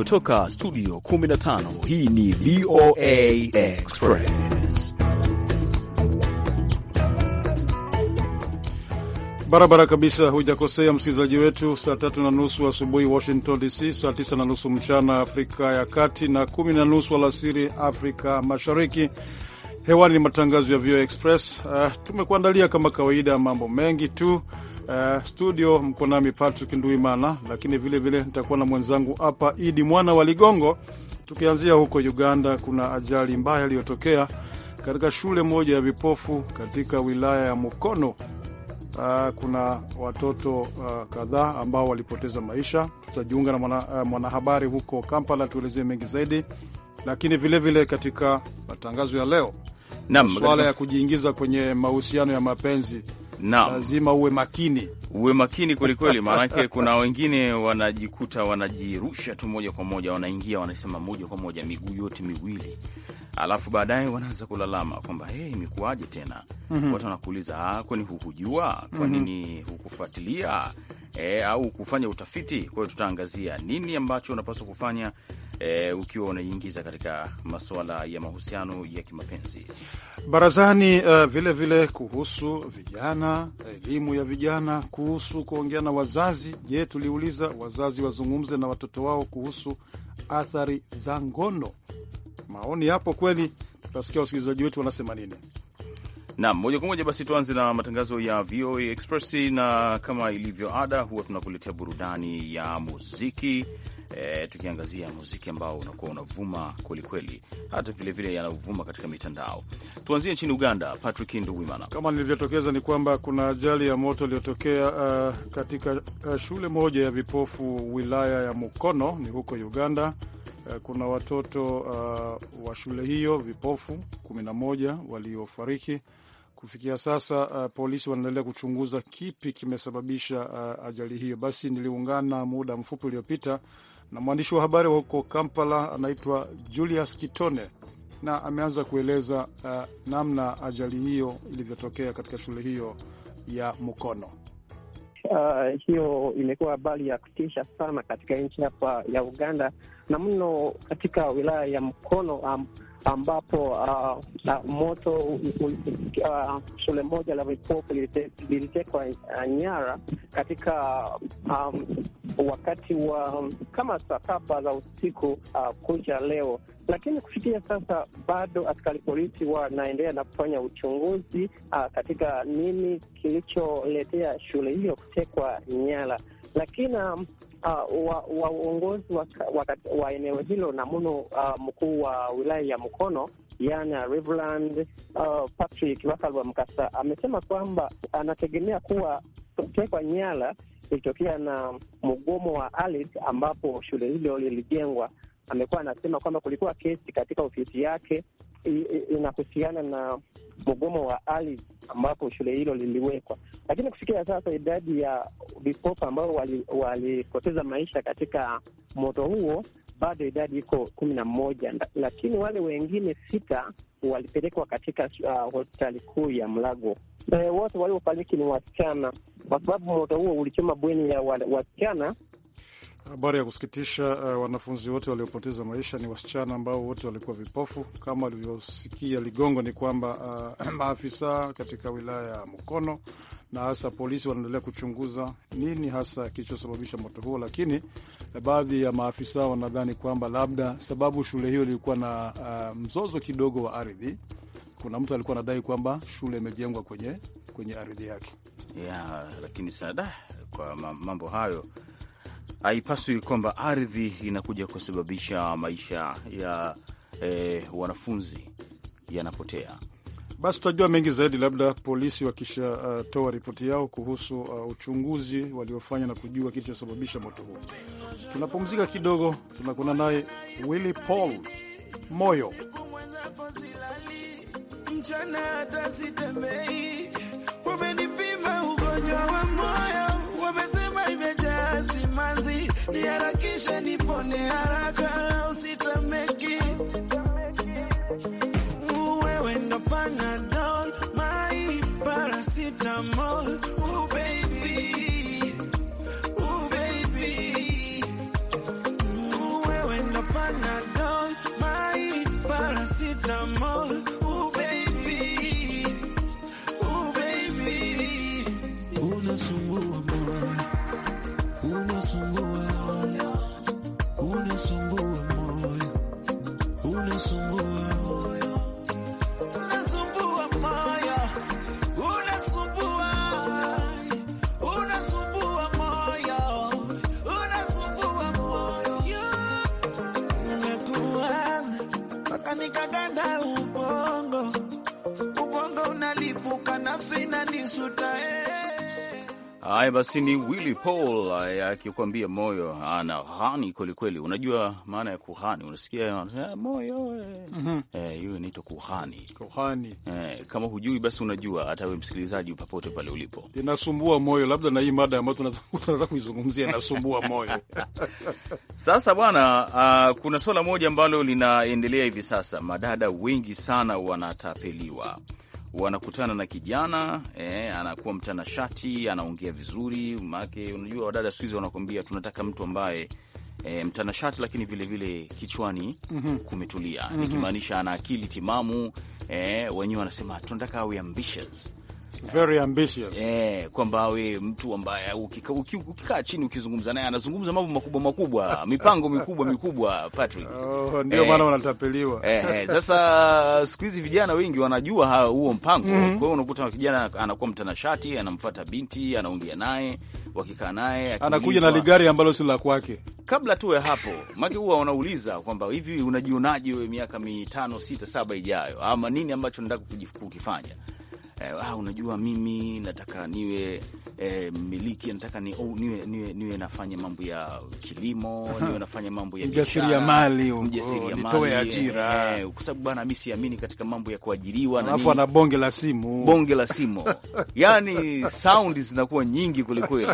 kutoka studio 15 hii ni VOA Express barabara kabisa hujakosea msikilizaji wetu saa tatu na nusu asubuhi wa Washington DC saa tisa na nusu mchana Afrika ya Kati na kumi na nusu alasiri Afrika Mashariki hewani ni matangazo ya VOA Express uh, tumekuandalia kama kawaida mambo mengi tu Uh, studio mko nami Patrick Nduimana, lakini vilevile nitakuwa na mwenzangu hapa Idi Mwana wa Ligongo, tukianzia huko Uganda. Kuna ajali mbaya iliyotokea katika shule moja ya vipofu katika wilaya ya Mukono. Uh, kuna watoto uh, kadhaa ambao walipoteza maisha. Tutajiunga na ah, mwanahabari uh, huko Kampala, tuelezee mengi zaidi, lakini vilevile vile katika matangazo ya leo, masuala ya kujiingiza kwenye mahusiano ya mapenzi na Lazima uwe makini, uwe makini kwelikweli, maanake kuna wengine wanajikuta wanajirusha tu moja kwa moja, wanaingia wanasema moja kwa moja miguu yote miwili alafu baadaye wanaanza kulalama kwamba hey, imekuwaje tena? mm -hmm. Watu wanakuuliza ah, kwani hukujua? Kwa mhm. nini hukufuatilia? E, au kufanya utafiti. Kwa hiyo tutaangazia nini ambacho unapaswa kufanya e, ukiwa unaingiza katika masuala ya mahusiano ya kimapenzi barazani. Uh, vile vile kuhusu vijana, elimu ya vijana, kuhusu kuongea na wazazi. Je, tuliuliza wazazi wazungumze na watoto wao kuhusu athari za ngono maoni yapo kweli, tutasikia wasikilizaji wetu wanasema nini. Nam, moja kwa moja basi tuanze na matangazo ya VOA Express, na kama ilivyo ada, huwa tunakuletea burudani ya muziki e, tukiangazia muziki ambao unakuwa unavuma kwelikweli, hata vilevile yanavuma katika mitandao. Tuanzie nchini Uganda. Patrick Nduwimana, kama nilivyotokeza ni kwamba kuna ajali ya moto iliyotokea uh, katika uh, shule moja ya vipofu wilaya ya Mukono ni huko Uganda Eh, kuna watoto uh, wa shule hiyo vipofu 11 waliofariki kufikia sasa. Uh, polisi wanaendelea kuchunguza kipi kimesababisha uh, ajali hiyo. Basi niliungana muda mfupi uliopita na mwandishi wa habari wa huko Kampala anaitwa Julius Kitone na ameanza kueleza uh, namna ajali hiyo ilivyotokea katika shule hiyo ya Mukono uh, hiyo imekuwa habari ya kutisha sana katika nchi hapa ya Uganda na mno katika wilaya ya Mkono um, ambapo uh, uh, moto uh, shule moja la vipofu lilitekwa uh, nyara katika um, wakati wa um, kama saa saba za usiku uh, kucha leo, lakini kufikia sasa bado askari polisi wanaendelea na kufanya uchunguzi uh, katika nini kilicholetea shule hiyo kutekwa nyara lakini um, uh, wa uongozi wa, wa, wa eneo hilo na muno uh, mkuu wa wilaya ya mkono yani Riverland uh, Patrick Wakalwa Mkasa amesema kwamba anategemea kuwa tekwa nyara ilitokea na mgomo wa ALET ambapo shule hilo lilijengwa. Amekuwa anasema kwamba kulikuwa kesi katika ofisi yake inahusiana na mgomo wa ali ambapo shule hilo liliwekwa, lakini kufikia sasa idadi ya vipopa ambao walipoteza wali maisha katika moto huo bado idadi iko kumi na moja, lakini wale wengine sita walipelekwa katika uh, hospitali kuu ya Mlago. E, wote waliofariki ni wasichana, kwa sababu moto huo ulichoma bweni ya wasichana Habari ya kusikitisha uh, wanafunzi wote waliopoteza maisha ni wasichana ambao wote walikuwa vipofu. Kama alivyosikia Ligongo ni kwamba uh, maafisa katika wilaya ya Mukono na hasa polisi wanaendelea kuchunguza nini hasa kilichosababisha moto huo, lakini eh, baadhi ya maafisa wanadhani kwamba labda sababu shule hiyo ilikuwa na uh, mzozo kidogo wa ardhi. Kuna mtu alikuwa anadai kwamba shule imejengwa kwenye, kwenye ardhi yake ya, lakini sada kwa mambo hayo haipaswi kwamba ardhi inakuja kusababisha maisha ya eh, wanafunzi yanapotea. Basi tutajua mengi zaidi labda polisi wakishatoa uh, ripoti yao kuhusu uh, uchunguzi waliofanya na kujua kilichosababisha moto huo. Tunapumzika kidogo, tunakuna naye Willy Paul moyo niharakishe nipone haraka, usitameki wewe ndo panadol my paracetamol wewe nikaganda ubongo, ubongo unalipuka, nafsi inanisuta eh. Haya basi, ni Willy Paul eh, akikwambia moyo ana anahani kwelikweli. Unajua maana ya kuhani, unasikia eh, moyo mm -hmm. Eh, hiyo inaitwa kuhani, kuhani. Eh, kama hujui basi unajua, hata we msikilizaji popote pale ulipo, inasumbua moyo. Labda na hii mada ambayo tunataka kuizungumzia inasumbua moyo Sasa bwana, uh, kuna swala moja ambalo linaendelea hivi sasa, madada wengi sana wanatapeliwa wanakutana na kijana eh, anakuwa mtanashati, anaongea vizuri maake, unajua wadada siku hizi wanakuambia tunataka mtu ambaye E, mtanashati lakini vilevile vile kichwani mm -hmm. kumetulia mm -hmm. nikimaanisha ana akili timamu. E, wenyewe wanasema tunataka awe ambitious very ambitious eh, kwamba we mtu ambaye ukikaa uki, chini ukizungumza naye anazungumza mambo makubwa makubwa mipango mikubwa mikubwa Patrick. Oh, ndio maana eh. wanatapeliwa eh. eh. Sasa siku hizi vijana wengi wanajua huo mpango mm -hmm. Kwa hiyo unakuta kijana anakuwa mtanashati, anamfuata binti, anaongea naye, wakikaa naye anakuja na ligari ambalo si la kwake. Kabla tuwe hapo maki huwa wanauliza kwamba hivi unajionaje wewe miaka mitano sita saba ijayo, ama nini ambacho nataka kukifanya eh, ah, unajua mimi nataka niwe eh, miliki nataka ni, oh, niwe, niwe, niwe nafanya mambo ya kilimo niwe nafanya mambo ya mjasiriamali, nitoe ajira eh, kwa sababu bana, mimi siamini katika mambo ya kuajiriwa, alafu ana bonge la simu, bonge la simu yani sound zinakuwa nyingi kwelikweli.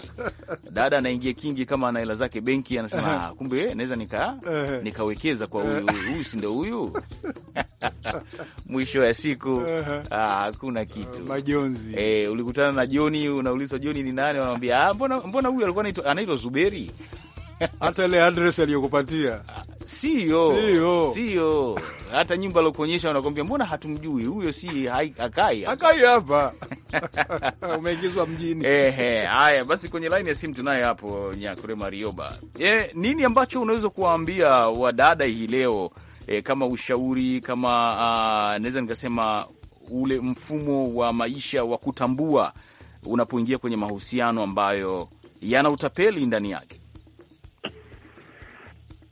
Dada anaingia kingi kama ana hela zake benki, anasema ah, kumbe eh, naweza nika nikawekeza kwa huyu, si ndio huyu mwisho ya siku ah, hakuna uh -huh. kitu uh, majonzi eh, ulikutana na Joni, unauliza Joni ni nani, wanamwambia ah, mbona mbona huyu alikuwa anaitwa Zuberi hata ile address aliyokupatia ah, sio sio, hata nyumba aliokuonyesha unakwambia mbona hatumjui huyo, si akai akai hapa umeingizwa mjini. Ehe, haya basi, kwenye laini ya simu tunaye hapo Nyakure Marioba. E, eh, nini ambacho unaweza kuwaambia wadada hii leo e, kama ushauri kama uh, naweza nikasema ule mfumo wa maisha wa kutambua unapoingia kwenye mahusiano ambayo yana utapeli ndani yake.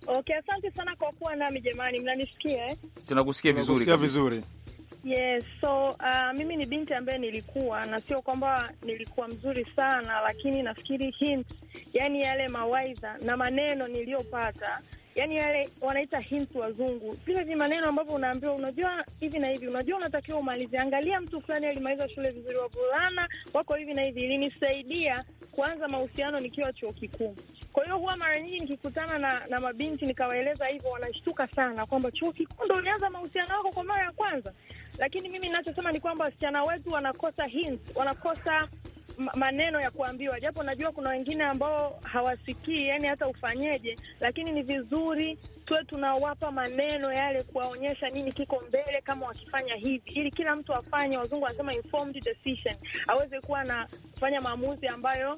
Okay, asante sana kwa kuwa nami jamani, mnanisikia eh? Tunakusikia vizuri, vizuri. Yes, so uh, mimi ni binti ambaye nilikuwa na sio kwamba nilikuwa mzuri sana, lakini nafikiri hint, yani yale mawaidha na maneno niliyopata yani yale wanaita hints wazungu, vile vi maneno ambavyo unaambiwa, unajua hivi na hivi, unajua unatakiwa umalize, angalia mtu fulani alimaliza shule vizuri, wavulana wako hivi na hivi. Ilinisaidia kuanza mahusiano nikiwa chuo kikuu. Kwa hiyo huwa mara nyingi nikikutana na, na mabinti nikawaeleza hivyo, wanashtuka sana kwamba chuo kikuu ndo ulianza mahusiano wako kwa mara ya kwanza. Lakini mimi ninachosema ni kwamba wasichana wetu wanakosa hints, wanakosa maneno ya kuambiwa, japo najua kuna wengine ambao hawasikii, yani hata ufanyeje, lakini ni vizuri tuwe tunawapa maneno yale kuwaonyesha nini kiko mbele, kama wakifanya hivi, ili kila mtu afanye, wazungu wanasema informed decision, aweze kuwa na kufanya maamuzi ambayo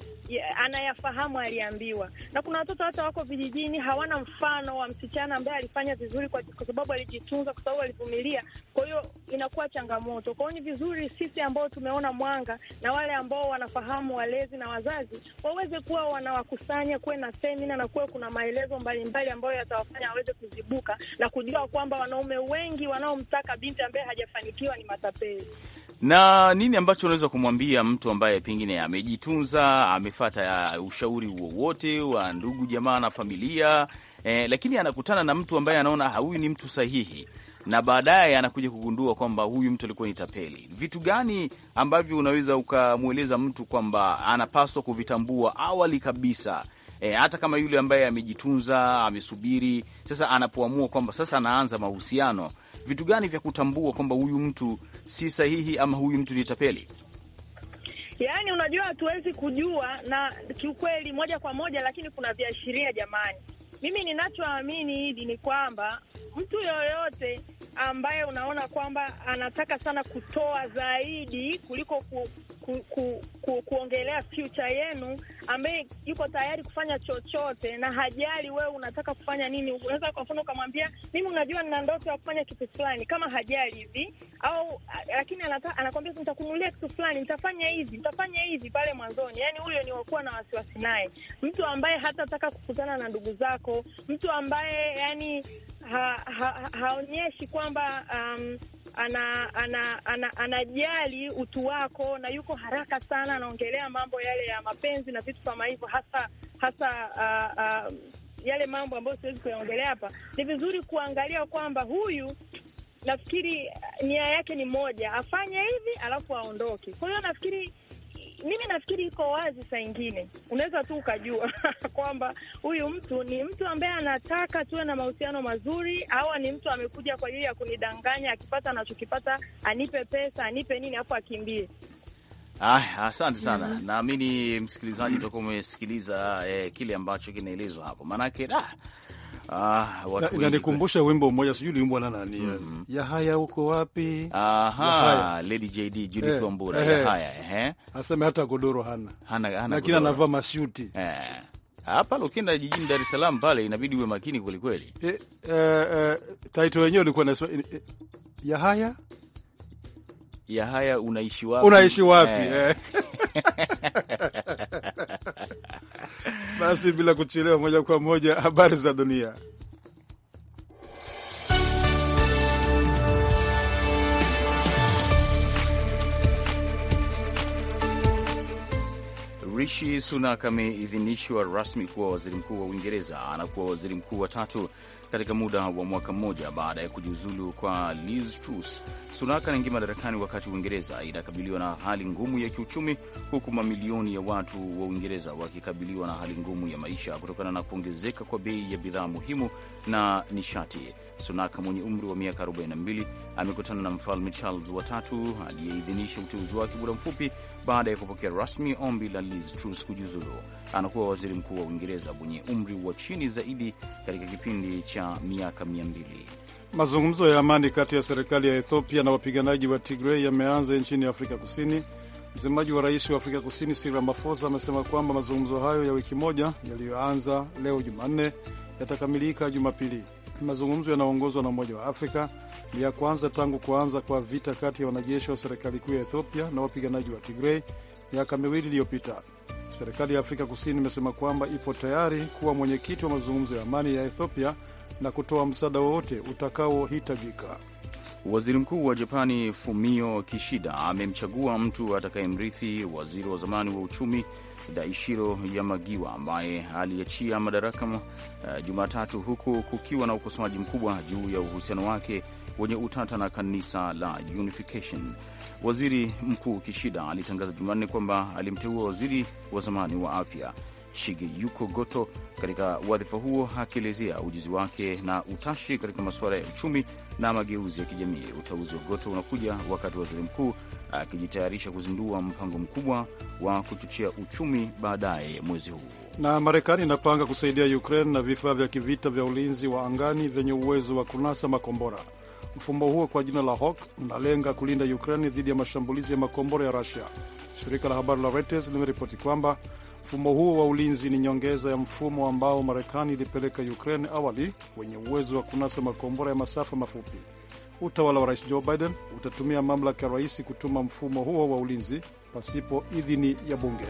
anayafahamu aliambiwa. Na kuna watoto hata wako vijijini hawana mfano wa msichana ambaye alifanya vizuri kwa, kwa sababu alijitunza, kwa sababu alivumilia. Kwa hiyo inakuwa changamoto. Kwa hiyo ni vizuri sisi ambao tumeona mwanga na wale ambao wanafahamu, walezi na wazazi, waweze kuwa wanawakusanya, kuwe na semina na kuwe kuna maelezo mbalimbali ambayo yatawafanya aweze kuzibuka na kujua kwamba wanaume wengi wanaomtaka binti ambaye hajafanikiwa ni matapeli. Na nini ambacho unaweza kumwambia mtu ambaye pengine amejitunza, amefata ushauri wowote wa ndugu jamaa na familia eh, lakini anakutana na mtu ambaye anaona huyu ni mtu sahihi na baadaye anakuja kugundua kwamba huyu mtu alikuwa ni tapeli. Vitu gani ambavyo unaweza ukamweleza mtu kwamba anapaswa kuvitambua awali kabisa e, hata kama yule ambaye amejitunza amesubiri, sasa anapoamua kwamba sasa anaanza mahusiano, vitu gani vya kutambua kwamba huyu mtu si sahihi ama huyu mtu ni tapeli? Yaani, unajua hatuwezi kujua na kiukweli moja kwa moja, lakini kuna viashiria jamani. Mimi ninachoamini hidi ni kwamba mtu yoyote ambaye unaona kwamba anataka sana kutoa zaidi kuliko ku, ku, ku, ku, kuongelea future yenu, ambaye yuko tayari kufanya chochote na hajali wewe unataka kufanya nini. Unaweza kwa mfano ukamwambia mimi, unajua nina ndoto ya kufanya kitu fulani, kama hajali hivi au, lakini anata, anakwambia nitakunulia kitu fulani, nitafanya hivi, nitafanya hivi pale mwanzoni. Yani huyo ni wakuwa na wasiwasi naye, mtu ambaye hatataka kukutana na ndugu zako, mtu ambaye yani ha, ha, haonyeshi kwamba um, ana, ana, ana, anajali utu wako na yuko haraka sana, anaongelea mambo yale ya mapenzi na vitu kama hivyo, hasa hasa uh, uh, yale mambo ambayo siwezi kuyaongelea hapa. Ni vizuri kuangalia kwamba huyu nafikiri nia yake ni moja, afanye hivi alafu aondoke. Kwa hiyo nafikiri mimi nafikiri iko wazi, saa ingine unaweza tu ukajua kwamba huyu mtu ni mtu ambaye anataka tuwe na mahusiano mazuri, au ni mtu amekuja kwa ajili ya kunidanganya, akipata anachokipata anipe pesa, anipe nini, afu akimbie. Ah, asante sana mm -hmm. Naamini msikilizaji utakuwa umesikiliza eh, kile ambacho kinaelezwa hapo, maanake ah Ah, wimbo mmoja sijui uliimbwa na nani, mm -hmm. Yahaya uko wapi? Aha, Lady JD eh, Judith Wambura Yahaya eh, eh. aseme hata godoro hana, hana, hana lakini anavaa mashuti eh. Hapa ukienda jijini Dar es Salaam pale inabidi uwe makini kwelikweli. Eh, taito wenyewe ulikuwa na Yahaya Yahaya unaishi wapi? unaishi wapi eh. Basi bila kuchelewa, moja kwa moja habari za dunia. Rishi Sunak ameidhinishwa rasmi kuwa waziri mkuu wa Uingereza. Anakuwa waziri mkuu wa tatu katika muda wa mwaka mmoja baada ya kujiuzulu kwa Liz Truss. Sunak anaingia madarakani wakati Uingereza inakabiliwa na hali ngumu ya kiuchumi, huku mamilioni ya watu wa Uingereza wakikabiliwa na hali ngumu ya maisha kutokana na kuongezeka kwa bei ya bidhaa muhimu na nishati. Sunak mwenye umri wa miaka 42 amekutana na Mfalme Charles watatu aliyeidhinisha uteuzi wake muda mfupi baada ya kupokea rasmi ombi la Liz Truss kujiuzulu. Anakuwa waziri mkuu wa Uingereza mwenye umri wa chini zaidi katika kipindi cha miaka mia mbili. Mazungumzo ya amani kati ya serikali ya Ethiopia na wapiganaji wa Tigrei yameanza nchini Afrika Kusini. Msemaji wa rais wa Afrika Kusini Cyril Ramaphosa amesema kwamba mazungumzo hayo ya wiki moja yaliyoanza leo Jumanne yatakamilika Jumapili. Mazungumzo yanaongozwa na Umoja wa Afrika ni ya kwanza tangu kuanza kwa vita kati ya wanajeshi wa serikali kuu ya Ethiopia na wapiganaji wa Tigrei miaka miwili iliyopita. Serikali ya Afrika Kusini imesema kwamba ipo tayari kuwa mwenyekiti wa mazungumzo ya amani ya Ethiopia na kutoa msaada wowote utakaohitajika. Waziri mkuu wa Japani Fumio Kishida amemchagua mtu atakayemrithi waziri wa zamani wa uchumi Daishiro Yamagiwa ambaye aliachia madaraka uh, Jumatatu, huku kukiwa na ukosoaji mkubwa juu ya uhusiano wake wenye utata na kanisa la Unification. Waziri Mkuu Kishida alitangaza Jumanne kwamba alimteua waziri wa zamani wa afya Shigeyuko Goto katika wadhifa huo, akielezea ujuzi wake na utashi katika masuala ya uchumi na mageuzi ya kijamii. Uteuzi wa Goto unakuja wakati waziri mkuu akijitayarisha kuzindua mpango mkubwa wa kuchochea uchumi baadaye mwezi huu. Na Marekani inapanga kusaidia Ukraine na vifaa vya kivita vya ulinzi wa angani vyenye uwezo wa kunasa makombora. Mfumo huo kwa jina la Hawk unalenga kulinda Ukraine dhidi ya mashambulizi ya makombora ya Rusia. Shirika la habari la Reuters limeripoti kwamba Mfumo huo wa ulinzi ni nyongeza ya mfumo ambao Marekani ilipeleka Ukraine awali, wenye uwezo wa kunasa makombora ya masafa mafupi. Utawala wa Rais Joe Biden utatumia mamlaka ya rais kutuma mfumo huo wa ulinzi pasipo idhini ya bunge.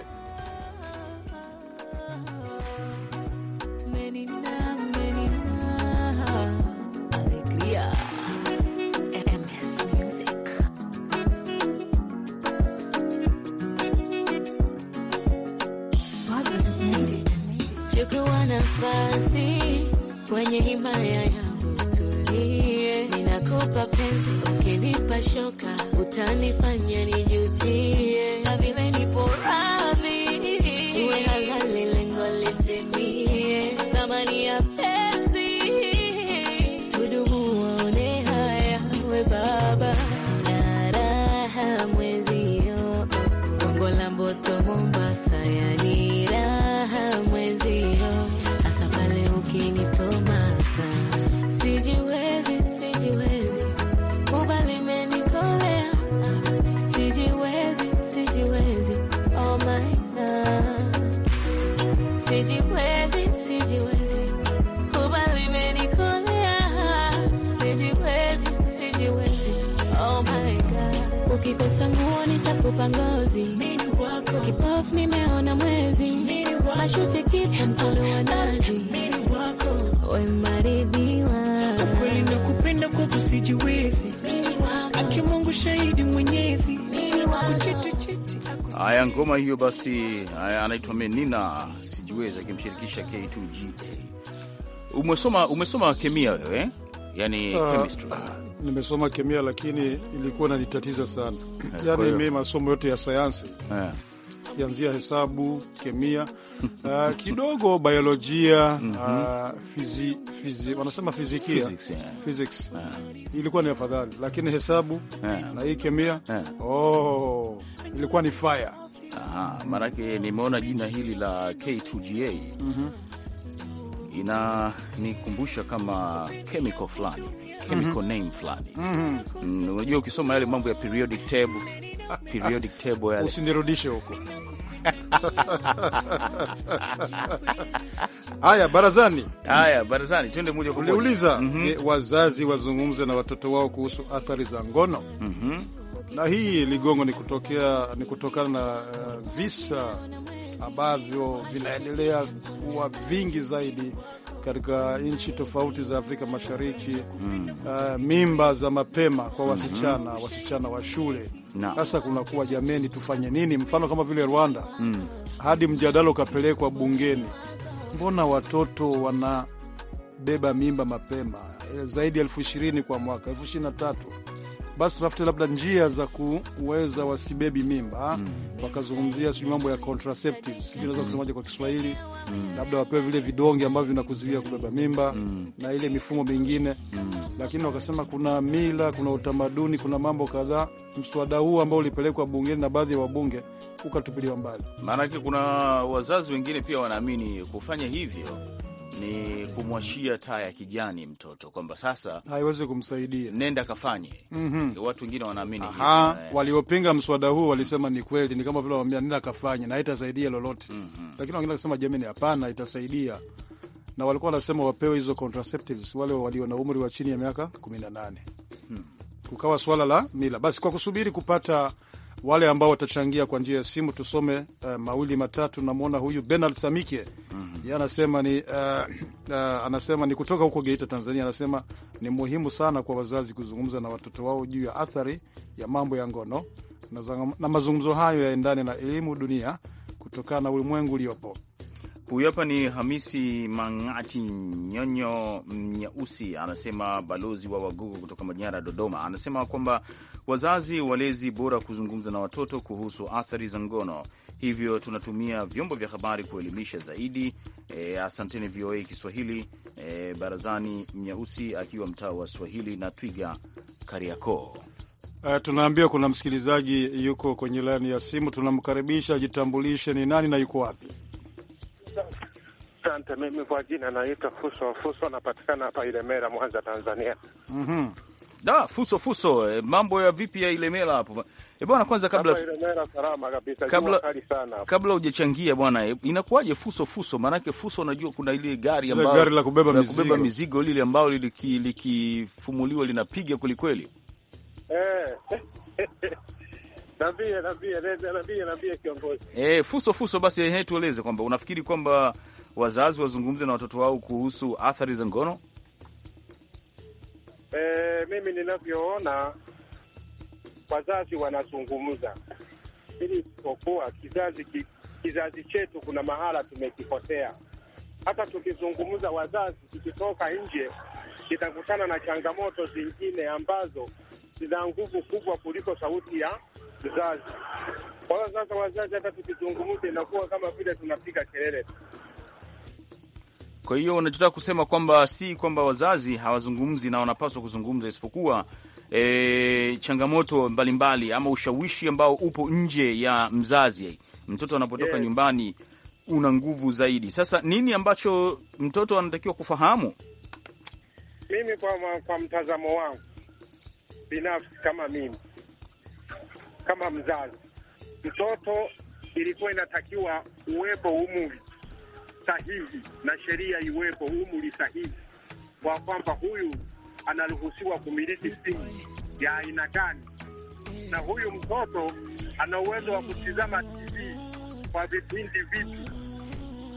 huyo basi anaitwa Menina sijiwezi, akimshirikisha K2GA. Umesoma, umesoma kemia wewe eh? Yani uh, chemistry. Ah, nimesoma kemia lakini ilikuwa nanitatiza sana eh, yani mi masomo yote ya sayansi yeah kianzia hesabu, kemia uh, kidogo biolojia mm -hmm. uh, fizi, fizi, wanasema fizikia physics, yeah. physics. Yeah. ilikuwa ni afadhali, lakini hesabu yeah. na hii kemia yeah. oh, ilikuwa ni fire Aha, maanake nimeona jina hili la K2GA mm -hmm. inanikumbusha kama chemical fulani mhm. chemical mhm. mm -hmm. name fulani mm -hmm. Unajua, ukisoma yale mambo ya periodic table, periodic table yale usinirudishe huko Haya, barazani. Haya, barazani, twende moja kwa moja. Uliuliza mm -hmm. wazazi wazungumze na watoto wao kuhusu athari za ngono mm -hmm na hii ligongo ni kutokea ni kutokana na uh, visa ambavyo vinaendelea kuwa vingi zaidi katika nchi tofauti za Afrika Mashariki mm. Uh, mimba za mapema kwa mhm. wasichana mm -hmm. wasichana wa shule sasa no. Kunakuwa jameni, tufanye nini? Mfano kama vile Rwanda mm. hadi mjadala ukapelekwa bungeni, mbona watoto wanabeba mimba mapema eh, zaidi ya elfu ishirini kwa mwaka elfu ishirini na tatu basi tutafute labda njia za kuweza wasibebi mimba mm. Wakazungumzia sijui mambo ya contraceptives mm. sijui naweza kusemaje kwa Kiswahili mm. labda wapewe vile vidonge ambavyo vinakuzuia kubeba mimba mm. na ile mifumo mingine mm. Lakini wakasema kuna mila, kuna utamaduni, kuna mambo kadhaa. Mswada huu ambao ulipelekwa bungeni na baadhi ya wabunge ukatupiliwa mbali, maanake kuna wazazi wengine pia wanaamini kufanya hivyo ni kumwashia taa ya kijani mtoto kwamba sasa haiwezi kumsaidia, nenda kafanye. mm -hmm. Watu wengine wanaamini eh. waliopinga mswada huu walisema ni kweli, ni kama vile wamwambia nenda kafanye na itasaidia lolote. mm -hmm. Lakini wengine wakasema jamani, hapana, itasaidia na walikuwa wanasema wapewe hizo contraceptives wale walio na umri wa chini ya miaka 18. hmm. Kukawa swala la mila. Basi kwa kusubiri kupata wale ambao watachangia kwa njia ya simu, tusome uh, mawili matatu. Namwona huyu Benard Samike. mm -hmm. Yeye anasema ni uh, uh, anasema ni kutoka huko Geita, Tanzania. Anasema ni muhimu sana kwa wazazi kuzungumza na watoto wao juu ya athari ya mambo ya ngono na, na mazungumzo hayo yaendane na elimu dunia kutokana na ulimwengu uliopo. Huyu hapa ni Hamisi Mang'ati Nyonyo Mnyeusi, anasema balozi wa Wagogo kutoka Manyara, Dodoma. Anasema kwamba wazazi walezi bora kuzungumza na watoto kuhusu athari za ngono hivyo tunatumia vyombo vya habari kuelimisha zaidi. E, asanteni VOA Kiswahili. E, barazani Mnyausi akiwa mtaa wa Swahili na Twiga Kariakoo. E, tunaambia kuna msikilizaji yuko kwenye laini ya simu, tunamkaribisha ajitambulishe ni nani na yuko wapi. Asante, mimi kwa jina naitwa Fuswa Fuswa, napatikana hapa Ilemera, Mwanza, Tanzania. mm -hmm. Da, fuso fuso, eh, mambo ya vipi ya Ilemela hapo e bwana? Kwanza kabla Ilemela salama kabisa, kabla sana, kabla hujachangia bwana, eh, inakuwaje fuso fuso? Maanake fuso, unajua kuna ile gari ambayo gari la kubeba mizigo, kubeba mizigo lile ambalo likifumuliwa linapiga kwelikweli, eh E, fuso fuso, basi ehe, tueleze kwamba unafikiri kwamba wazazi wazungumze na watoto wao kuhusu athari za ngono E, mimi ninavyoona wazazi wanazungumza, ili isipokuwa kizazi kizazi chetu kuna mahala tumekipotea. Hata tukizungumza wazazi, tukitoka nje kitakutana na changamoto zingine ambazo zina nguvu kubwa kuliko sauti ya mzazi. Kwa hiyo sasa, wazazi hata tukizungumza inakuwa kama vile tunapiga kelele. Kwa hiyo unachotaka kusema kwamba si kwamba wazazi hawazungumzi na wanapaswa kuzungumza, isipokuwa e, changamoto mbalimbali mbali, ama ushawishi ambao upo nje ya mzazi. Mtoto anapotoka yes, nyumbani una nguvu zaidi. Sasa nini ambacho mtoto anatakiwa kufahamu? Mimi kwa, kwa mtazamo wangu binafsi, kama mimi kama mzazi, mtoto ilikuwa inatakiwa uwepo umuli sahihi na sheria iwepo, umri sahihi kwa kwamba huyu anaruhusiwa kumiliki simu ya aina gani, na huyu mtoto ana uwezo wa kutizama TV kwa vipindi vipi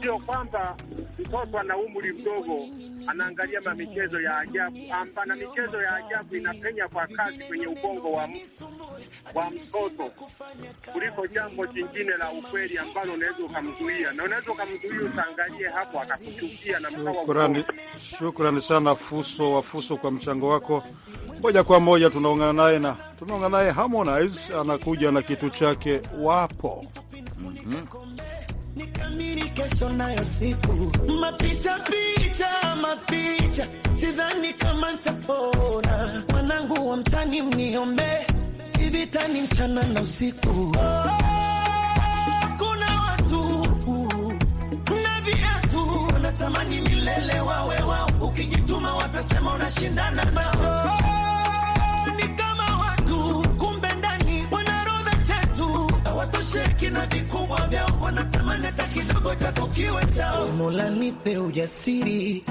sio kwamba mtoto ana umri mdogo anaangalia mamichezo ya ajabu na michezo ya ajabu inapenya kwa kazi kwenye ubongo wa, wa mtoto kuliko jambo jingine la ukweli ambalo unaweza ukamzuia na unaweza ukamzuia utaangalie hapo akakuchukia na Shukrani, shukrani sana Fuso wa Fuso kwa mchango wako. Moja kwa moja tunaungana naye na tunaungana naye Harmonize anakuja na kitu chake wapo. mm -hmm kesho nayo siku mapicha picha mapicha, sidhani kama ntapona Mwanangu wa mtani mniombe, hivi tani mchana na usiku oh. Tamani milele wawe wao, ukijituma watasema unashindana nao. sheki na vikubwa vyao wanatamani hata kidogo chako kiwe chao. Mola nipe ujasiri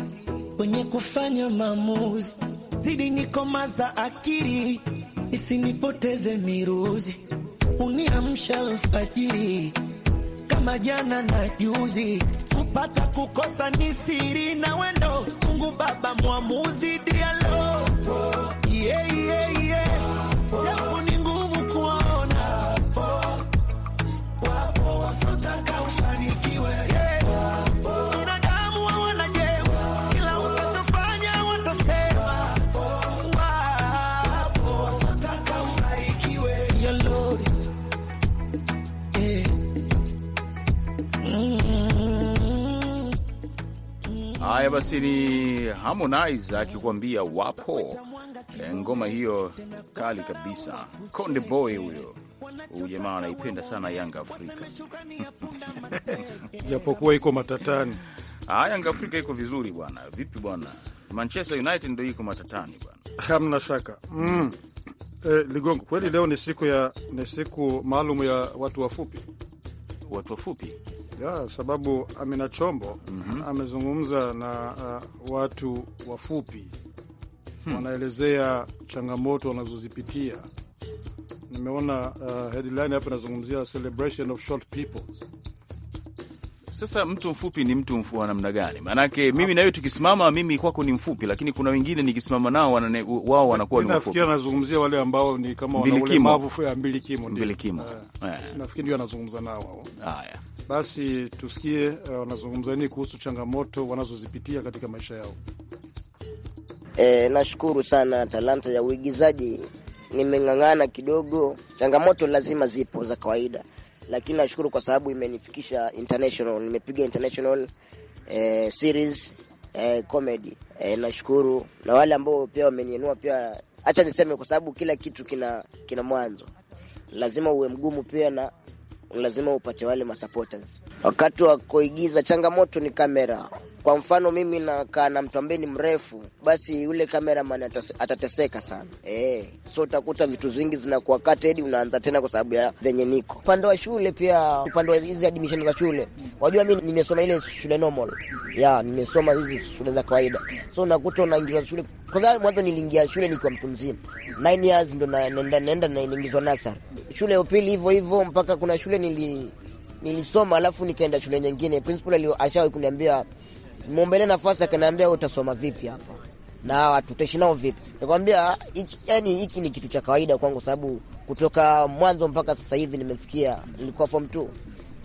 kwenye kufanya maamuzi, zidi nikomaza akili isinipoteze miruzi, uniamsha alfajiri kama jana na juzi, kupata kukosa ni siri na wendo Mungu Baba mwamuzi dialo yeah, yeah. basi, ni Harmonize akikuambia wapo. E, ngoma hiyo kali kabisa. Konde Boy huyo, huyu jamaa anaipenda sana Yanga Afrika japokuwa iko matatani. Ah, Yanga Afrika iko vizuri bwana. Vipi bwana, Manchester United ndo iko matatani bwana, hamna shaka mm. E, Ligongo kweli, leo ni siku ya ni siku maalum ya watu wafupi, watu wafupi ya, sababu Amina Chombo mm -hmm. amezungumza na uh, watu wafupi hmm. wanaelezea changamoto wanazozipitia. Nimeona uh, headline hapa inazungumzia celebration of short people. Sasa mtu mfupi ni mtu mfu wa namna gani? Maanake mimi na tukisimama, mimi kwako ni mfupi, lakini kuna wengine nikisimama nao wanane, wao wanakuwa ni mfupi. Nafikiri anazungumzia wale ambao ni kama wana ulemavu wa mbilikimo, mbilikimo. Eh. Eh. Nafikiri ndio anazungumza nao hao. Haya. Basi tusikie eh, wanazungumza uh, nini kuhusu changamoto wanazozipitia katika maisha yao. E, nashukuru sana talanta ya uigizaji nimeng'ang'ana kidogo. Changamoto lazima zipo za kawaida, lakini nashukuru kwa sababu imenifikisha international, nimepiga international eh, series eh, comedy eh, nashukuru na wale ambao pia wameniinua pia. Acha niseme kwa sababu kila kitu kina kina mwanzo, lazima uwe mgumu pia na lazima upate wale masupporters. Wakati wa kuigiza changamoto ni kamera, kwa mfano mimi nakaa na mtu ambaye ni mrefu, basi yule cameraman atateseka sana e. So utakuta vitu vingi zinakuwa hadi unaanza tena kwa sababu ya venye niko upande wa shule, pia upande wa hizi admission za shule. Wajua mi nimesoma ile shule normal ya nimesoma hizi shule za kawaida, so unakuta unaingizwa shule. Kwanza mwanzo niliingia shule nikiwa mtu mzima, nine years ndo naenda naenda na niingizwa nasari, shule ya upili hivyo hivyo, mpaka kuna shule nili nilisoma, alafu nikaenda shule nyingine. Principal alio ashawahi kuniambia mombele nafasi, akaniambia utasoma vipi hapa na watu utaishi nao vipi? Nikwambia yani hiki ni kitu cha kawaida kwangu, sababu kutoka mwanzo mpaka sasa hivi nimefikia, nilikuwa form 2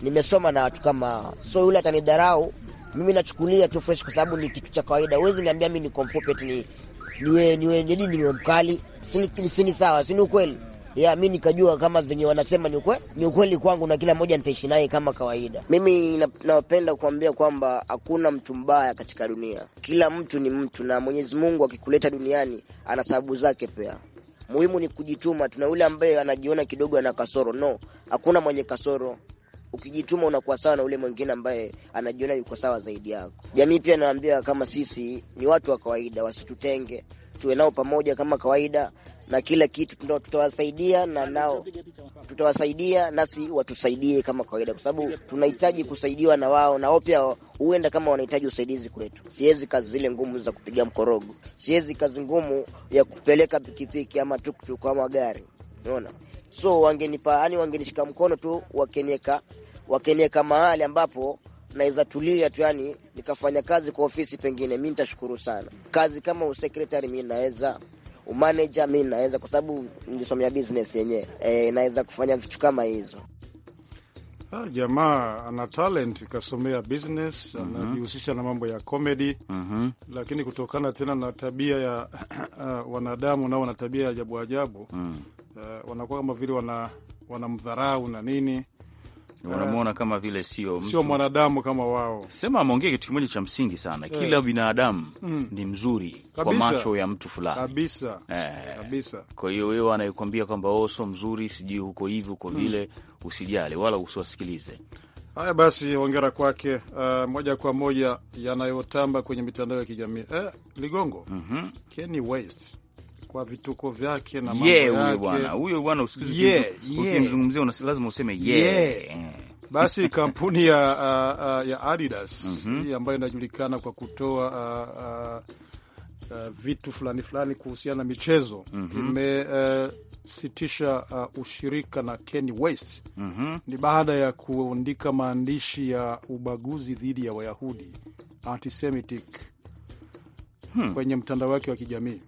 nimesoma na watu kama so, yule atanidharau mimi nachukulia tu fresh, kwa sababu ni kitu cha kawaida. Huwezi niambia mimi ni comfort ni niwe niwe niwe mkali, sini sini sawa, sini ukweli ya mi nikajua kama venye wanasema ni ukweli, ni ukweli kwangu, na kila mmoja nitaishi naye kama kawaida. Mimi napenda kuambia kwamba hakuna mtu mbaya katika dunia, kila mtu ni mtu, na Mwenyezi Mungu akikuleta duniani ana sababu zake pia. Muhimu ni kujituma. Tuna yule ambaye anajiona kidogo ana kasoro. No, hakuna mwenye kasoro. Ukijituma unakuwa sawa na ule mwingine ambaye anajiona yuko sawa zaidi yako. Jamii pia naambia kama sisi ni watu wa kawaida, wasitutenge, tuwe nao pamoja kama kawaida, na kila kitu tutawasaidia, na nao tutawasaidia, nasi watusaidie kama kawaida, kwa sababu tunahitaji kusaidiwa na wao, na wao pia huenda kama wanahitaji usaidizi kwetu. Siwezi kazi zile ngumu za kupiga mkorogo, siwezi kazi ngumu ya kupeleka pikipiki ama tuktuk ama gari, unaona. So wangenipa, yani wangenishika mkono tu, wakenieka wakenieka mahali ambapo naweza tulia tu, yani nikafanya kazi kwa ofisi, pengine mi nitashukuru sana. Kazi kama usekretari mi naweza umanaja mi naweza kwa sababu nilisomea business yenyewe e, naweza kufanya vitu kama hizo. Ha, ah, jamaa ana talent ikasomea business, mhm. anajihusisha mm -hmm. na mambo ya comedy mm -hmm. lakini kutokana tena na tabia ya uh, wanadamu nao wana tabia ya ajabu ajabu mm. uh, wanakuwa kama vile wana wanamdharau na nini wanamwona uh, kama vile sio sio mwanadamu kama wao. Sema ameongea kitu kimoja cha msingi sana eh. Kila binadamu mm. ni mzuri kabisa, kwa macho ya mtu fulani kabisa, eh. kabisa. Kwa hiyo wewe anayekwambia kwamba wewe oh, so mzuri sijui huko hivi huko mm. vile mm. usijali wala usiwasikilize. Haya basi, hongera kwake. Uh, moja kwa moja yanayotamba kwenye mitandao ya kijamii eh, Ligongo mm -hmm. Kanye West kwa vituko vyake na mambo yake. bwana huyo bwana, usikize, ukimzungumzia lazima useme yeah. Basi kampuni ya, uh, uh, ya Adidas mm -hmm. ambayo inajulikana kwa kutoa uh, uh, uh, vitu fulani fulani kuhusiana na michezo mm -hmm. ime uh, uh, ushirika na Kanye West mm -hmm. ni baada ya kuandika maandishi ya ubaguzi dhidi ya Wayahudi antisemitic hmm. kwenye mtandao wake wa kijamii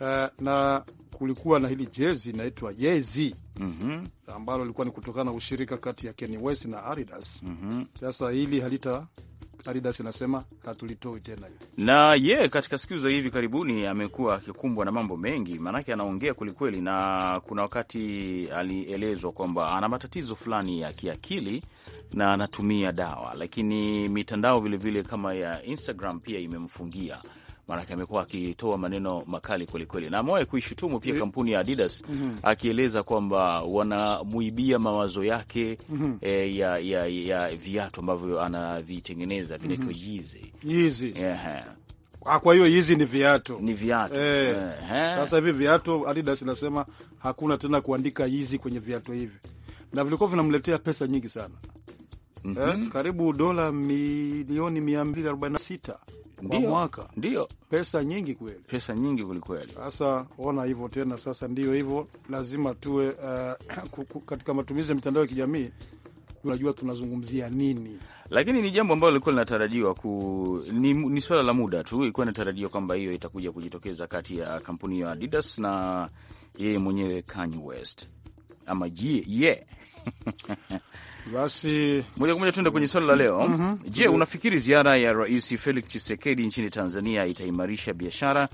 uh, na kulikuwa na hili jezi inaitwa Yezi mm -hmm. ambalo ilikuwa ni kutokana na ushirika kati ya Kanye West na Adidas mm -hmm. Sasa hili halita Adidas inasema hatulitoi tena hiyo. Na ye katika siku za hivi karibuni amekuwa akikumbwa na mambo mengi, maanake anaongea kwelikweli, na kuna wakati alielezwa kwamba ana matatizo fulani ya kiakili na anatumia dawa, lakini mitandao vilevile vile kama ya Instagram pia imemfungia maanake amekuwa akitoa maneno makali kwelikweli, na amewahi kuishutumu pia kampuni ya Adidas mm -hmm. akieleza kwamba wanamuibia mawazo yake mm -hmm. e, ya, ya, ya viatu ambavyo anavitengeneza vinaitwa mm -hmm. Yeezy. Yeah. Kwa hiyo hizi ni viatu, ni viatu eh. Sasa hivi viatu Adidas inasema hakuna tena kuandika hizi kwenye viatu hivi, na vilikuwa vinamletea pesa nyingi sana mm -hmm. eh, karibu dola milioni 246 kwa mwaka. Ndio pesa nyingi kweli, pesa nyingi kwelikweli. Sasa ona hivyo tena, sasa ndio hivyo, lazima tuwe uh, katika matumizi ya mitandao ya kijamii tunajua tunazungumzia nini, lakini ni jambo ambalo lilikuwa linatarajiwa ku ni, ni swala la muda tu. Ilikuwa inatarajiwa kwamba hiyo itakuja kujitokeza kati ya kampuni ya Adidas na yeye mwenyewe Kanye West ama je ye basi moja kwa moja tuende kwenye swala la leo. mm -hmm. Je, unafikiri ziara ya Rais Felix Tshisekedi nchini Tanzania itaimarisha biashara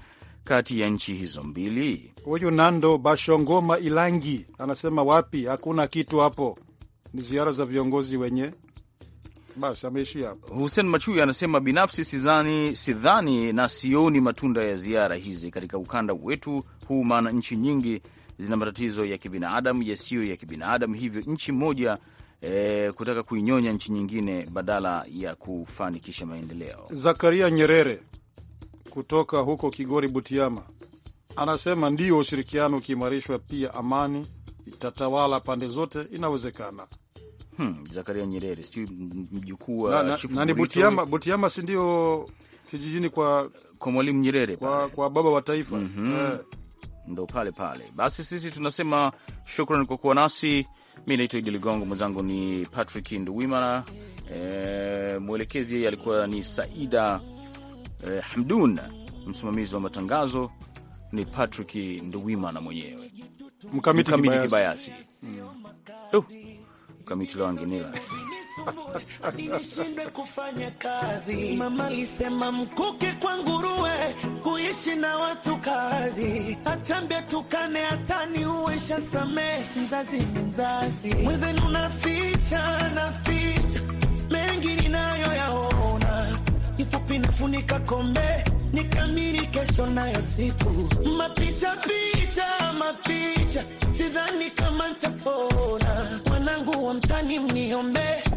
kati ya nchi hizo mbili? Huyu Nando Bashongoma Ilangi anasema wapi, hakuna kitu hapo, ni ziara za viongozi wenye basi ameishia hapo. Hussein Machui anasema binafsi sidhani, sidhani na sioni matunda ya ziara hizi katika ukanda wetu huu, maana nchi nyingi zina matatizo ya kibinadamu yasiyo ya kibinadamu, hivyo nchi moja E, kutaka kuinyonya nchi nyingine badala ya kufanikisha maendeleo. Zakaria Nyerere kutoka huko Kigori Butiama anasema ndio, ushirikiano ukiimarishwa, pia amani itatawala pande zote, inawezekana. Hmm, Zakaria Nyerere sijui mjukuu wa nani? Butiama, Butiama si ndio kijijini kwa kwa Mwalimu Nyerere kwa, kwa baba wa taifa mm -hmm. eh ndo pale pale. Basi sisi tunasema shukran kwa kuwa nasi. Mi naitwa Idi Ligongo, mwenzangu ni Patrick Nduwimana, e, mwelekezi yeye alikuwa ni Saida e, Hamdun, msimamizi wa matangazo ni Patrick Nduwimana mwenyewe mkamiti kibayasi mm. oh, mkamiti lawanginila nisumbue nishindwe kufanya kazi. Mama lisema mkuke kwa nguruwe, kuishi na watu kazi, atambia tukane hatani uwesha samee. Mzazi ni mzazi, mwenzenu naficha naficha mengi ninayoyaona, kifupi nafunika kombe nikamiri kesho nayo siku mapicha picha mapicha, sidhani kama ntapona. Mwanangu wa mtani mniombe